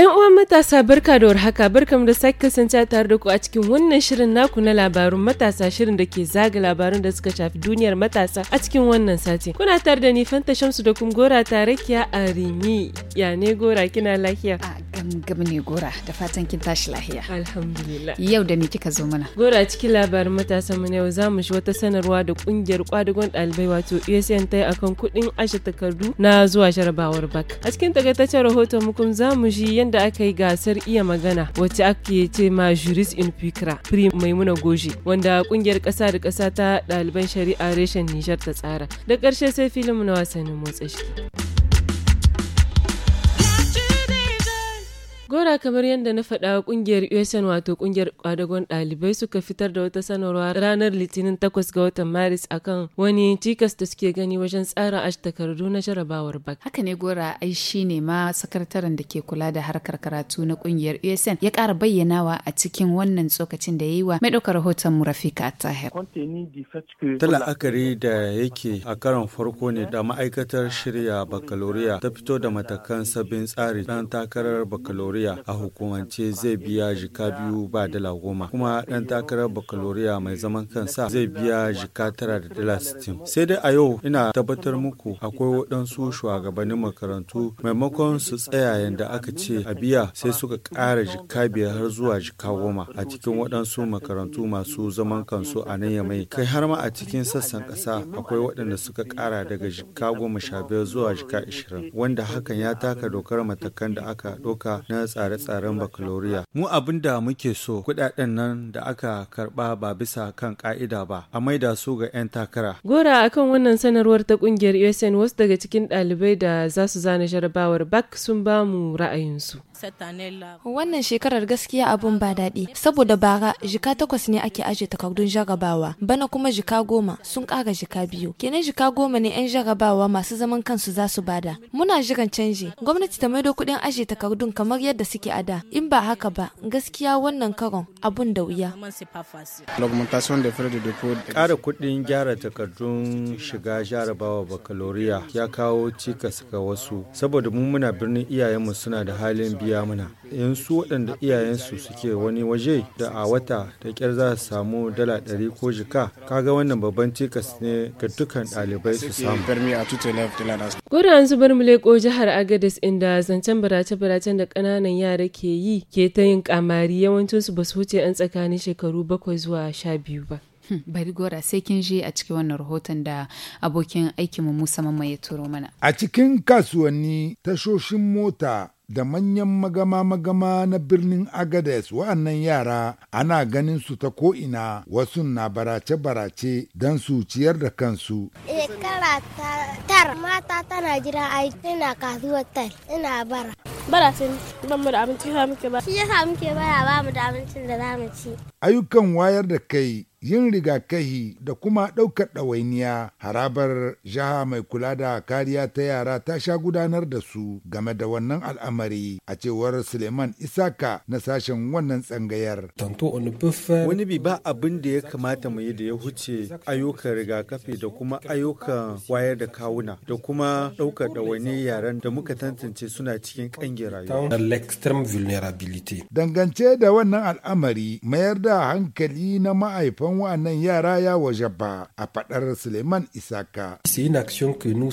'Yan uwan matasa barka da warhaka barkamu da sake kasance tare da ku a cikin wannan shirin naku na labarun matasa shirin da ke zaga labarun da suka shafi duniyar matasa a cikin wannan sati. Kuna tare da ni Fanta Shamsu da kuma Gora kiya a Rimi. Ya ne Gora kina lafiya? gabni gora da fatan kin tashi lahiya alhamdulillah yau da me kika zo mana gora cikin labarin matasan mu yau za mu shi wata sanarwa da kungiyar kwadugon dalibai wato USN ta akan kudin ashe takardu na zuwa jarabawar bak a cikin takaitaccen rahoton mu kuma za mu shi yadda aka yi gasar iya magana wacce ake ce ma juris in fikra pri maimuna goji wanda kungiyar kasa da kasa ta ɗaliban shari'a reshen nijar ta tsara da karshe sai filin na wasannin motsa shi Gora kamar yadda na faɗa ƙungiyar USN wato ƙungiyar kwadagon ɗalibai suka fitar da wata sanarwa ranar Litinin 8 ga watan Maris akan wani cikas da suke gani wajen tsara ash takardu na jarabawar bak. Haka ne Gora ai shi ne ma sakataren da ke kula da harkar karatu na ƙungiyar USN ya ƙara bayyanawa a cikin wannan tsokacin da ya yi wa mai ɗaukar rahoton mu Rafika Tahir. Ta la'akari da yake a karon farko ne da ma'aikatar shirya bakaloriya ta fito da matakan sabbin tsari ɗan takarar bakaloriya bakaloriya a hukumance zai biya jika biyu ba dala goma kuma ɗan takarar bakaloriya mai zaman kansa zai biya jika tara da dala sitin. sai dai a yau ina tabbatar muku akwai waɗansu shugabannin makarantu maimakon su tsaya yadda aka ce a biya sai suka ƙara jika biyar har zuwa jika goma a cikin waɗansu makarantu masu zaman kansu a nan yamai kai har ma a cikin sassan ƙasa akwai waɗanda suka ƙara daga jika goma sha biyar zuwa jika ashirin wanda hakan ya taka dokar matakan da aka ɗauka na tsare-tsaren mu abin da muke so kudaden nan da aka karba ba bisa kan ka'ida ba a maida su ga 'yan takara gora akan wannan sanarwar ta kungiyar usn wasu daga cikin ɗalibai da za su zana jarabawar bak sun ba mu ra'ayinsu wannan shekarar gaskiya abun ba daɗi saboda bara jika takwas ne ake aje takardun jarabawa bana kuma jika goma sun ƙara jika biyu kenan jika goma ne 'yan jarabawa masu zaman kansu za su bada muna jiran canji gwamnati ta maido kuɗin aje takardun kamar yadda da suke a in ba haka ba gaskiya wannan karon abun da wuya ƙara kuɗin gyara takardun shiga jarabawa bakaloriya ya kawo cikas ga wasu saboda mu muna birnin iyayenmu suna da halin biya mana in su waɗanda iyayensu suke wani waje da a wata da kyar za su samu dala ɗari ko jika kaga wannan babban cikas ne ga dukkan ɗalibai su samu gwada an zubar mu leƙo jihar agadis inda zancen barace-baracen da ƙananan wannan yara ke yi ke ta yin kamari yawancin su basu wuce 'yan tsakanin shekaru bakwai zuwa sha biyu ba. Hmm, bari gora sai kin je a cikin wannan rahoton da abokin aikinmu musa mamma ya turo mana a cikin kasuwanni tashoshin mota da manyan magama-magama na birnin agades wa'annan yara ana ganin su ta ko'ina wasu na barace-barace don su ciyar da kansu shekara tar mata tana jira aiki ina kasuwar tar ina bara bara sai ban mu da abinci za muke ba shi yasa muke baya ba mu da abincin da za mu ci ayyukan wayar da kai yin rigakahi da kuma ɗaukar ɗawainiya harabar jiha mai kula da kariya ta yara ta sha gudanar da su game da wannan al'amari a cewar suleiman isaka na sashen wannan tsangayar wani bi ba abin da ya kamata mu yi da ya huce ayyukan rigakafi da kuma ayyukan wayar da kawuna da kuma ɗaukar ɗawaini yaran da muka tantance suna cikin ƙangin rayuwa dangance da wannan al'amari mayar da da hankali na ma'aifan wa'annan yara ya waje ba a faɗar Suleiman Isaka.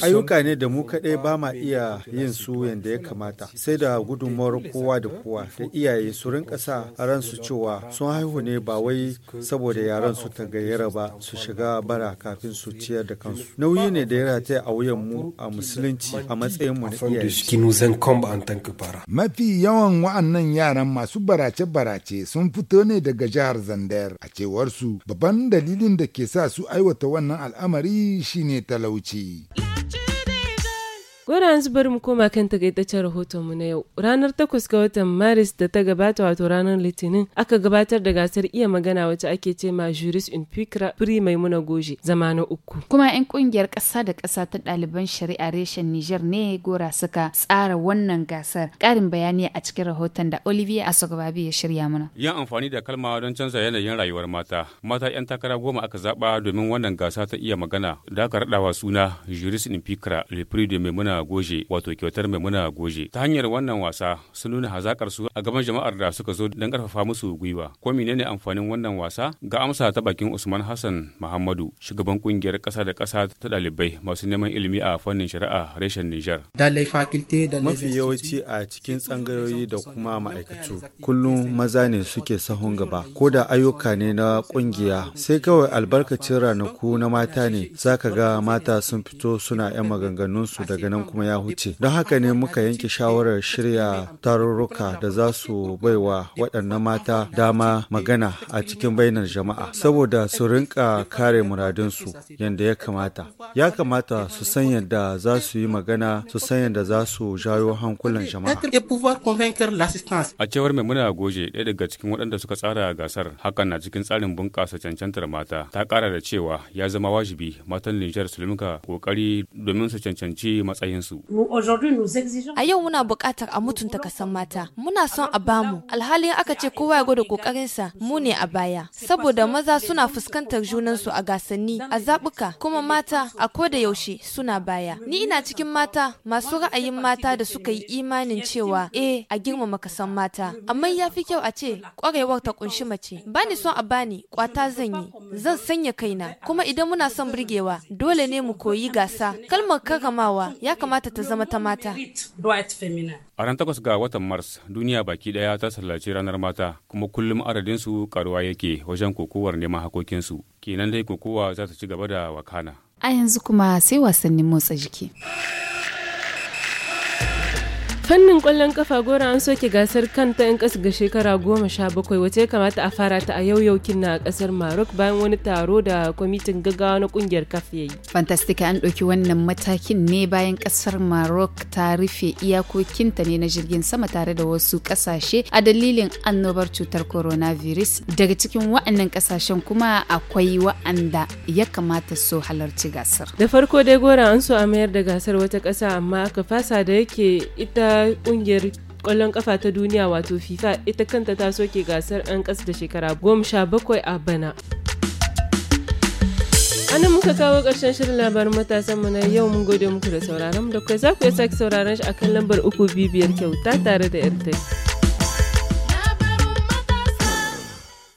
Ayyuka ne da mu kaɗai ba ma iya yin su yadda ya kamata, sai da gudunmawar kowa da kowa da iyaye su rinka sa a ransu cewa sun haihu ne ba wai saboda yaran su tagayyara ba su shiga bara kafin su ciyar da kansu. Nauyi ne da ya rataya a wuyan mu a musulunci a matsayin mu na iyaye. Mafi yawan wa'annan yaran masu barace-barace sun fito ne daga jihar jihar zander A cewar su babban dalilin da ke sa su aiwata wannan al'amari shine talauci. Gwada yanzu bari mu koma kan takaitaccen mu na yau. Ranar takwas ga watan Maris da ta gabata wato ranar Litinin aka gabatar da gasar iya magana wacce ake ce ma Juris in Fikra mai Maimuna Goje zama na uku. Kuma 'yan ƙungiyar ƙasa da ƙasa ta ɗaliban shari'a reshen Nijar ne gora suka tsara wannan gasar. Ƙarin bayani a cikin rahoton da Olivia Asogababi ya shirya mana. yan amfani da kalma don canza yanayin rayuwar mata. Mata 'yan takara goma aka zaɓa domin wannan gasa ta iya magana da aka raɗawa suna Juris in Fikra Le mai Maimuna Goje wato kyautar mai Maimuna Goje. Ta hanyar wannan wasa sun nuna hazakar su a gaban jama'ar da suka zo don karfafa musu gwiwa. Ko menene amfanin wannan wasa? Ga amsa ta bakin Usman Hassan Muhammadu, shugaban kungiyar ƙasa da ƙasa ta ɗalibai masu neman ilimi a fannin shari'a reshen Nijar. Mafi yawanci a cikin tsangayoyi da kuma ma'aikatu. Kullum maza ne suke sahun gaba. Ko da ayyuka ne na kungiya sai kawai albarkacin ranaku na mata ne zaka ga mata sun fito suna 'yan maganganunsu daga nan kuma ya huce don haka ne muka yanke shawarar shirya tarurruka da za su baiwa waɗannan mata dama magana a cikin bainar jama'a saboda su rinka kare muradinsu yadda ya kamata ya kamata su san yadda za su yi magana su san yadda za su jawo hankulan jama'a a cewar muna goje ɗaya daga cikin waɗanda suka tsara gasar hakan na cikin tsarin bunƙasa cancantar mata ta ƙara da cewa ya zama wajibi matan linjar su kokari ƙoƙari domin su cancanci matsayin A yau muna buƙatar a mutunta kasan mata. Muna son a bamu. Alhalin aka ce kowa ya gwada ƙoƙarinsa mu ne a baya. Saboda maza suna fuskantar junansu a gasanni, a zaɓuka, kuma mata a koda yaushe suna baya. Ni ina cikin mata masu ra'ayin mata da suka yi imanin cewa eh a girmama kasan mata. Amma ya fi kyau a ce ƙwarewar ta ƙunshi mace. Bani son a bani kwata zan yi. zan sanya kaina kuma idan muna son burgewa dole ne mu koyi gasa kalmar kagamawa ya kamata ta zama ta mata a ran takwas ga watan mars duniya baki daya ta sallaci ranar mata kuma kullum adadin su karuwa yake wajen kokowar neman su kenan dai kokowa za ta ci gaba da wakana a yanzu kuma sai wasannin motsa jiki fannin ƙwallon kafa gora an soke gasar ta 'yan kasa ga shekara goma sha bakwai wace ya kamata a fara ta a yau yaukin na kasar maroc bayan wani taro da kwamitin gaggawa na kungiyar kaf ya yi fantastika an ɗauki wannan matakin ne bayan kasar maroc ta rufe iyakokinta ne na jirgin sama tare da wasu kasashe a dalilin annobar cutar coronavirus daga cikin wa'annan kasashen kuma akwai wa'anda ya kamata su halarci gasar da farko dai gora an so a mayar da gasar wata ƙasa amma aka fasa da yake ita kungiyar kwallon kafa ta duniya wato fifa ita kanta ta soke gasar 'yan ƙasa da shekara goma sha bakwai a bana anan muka kawo ƙarshen shirin labarin matasan mu na yau mun gode muku da sauraron da kai za ku sake sauraron shi akan lambar uku bibiyar kyauta tare da 'yar tai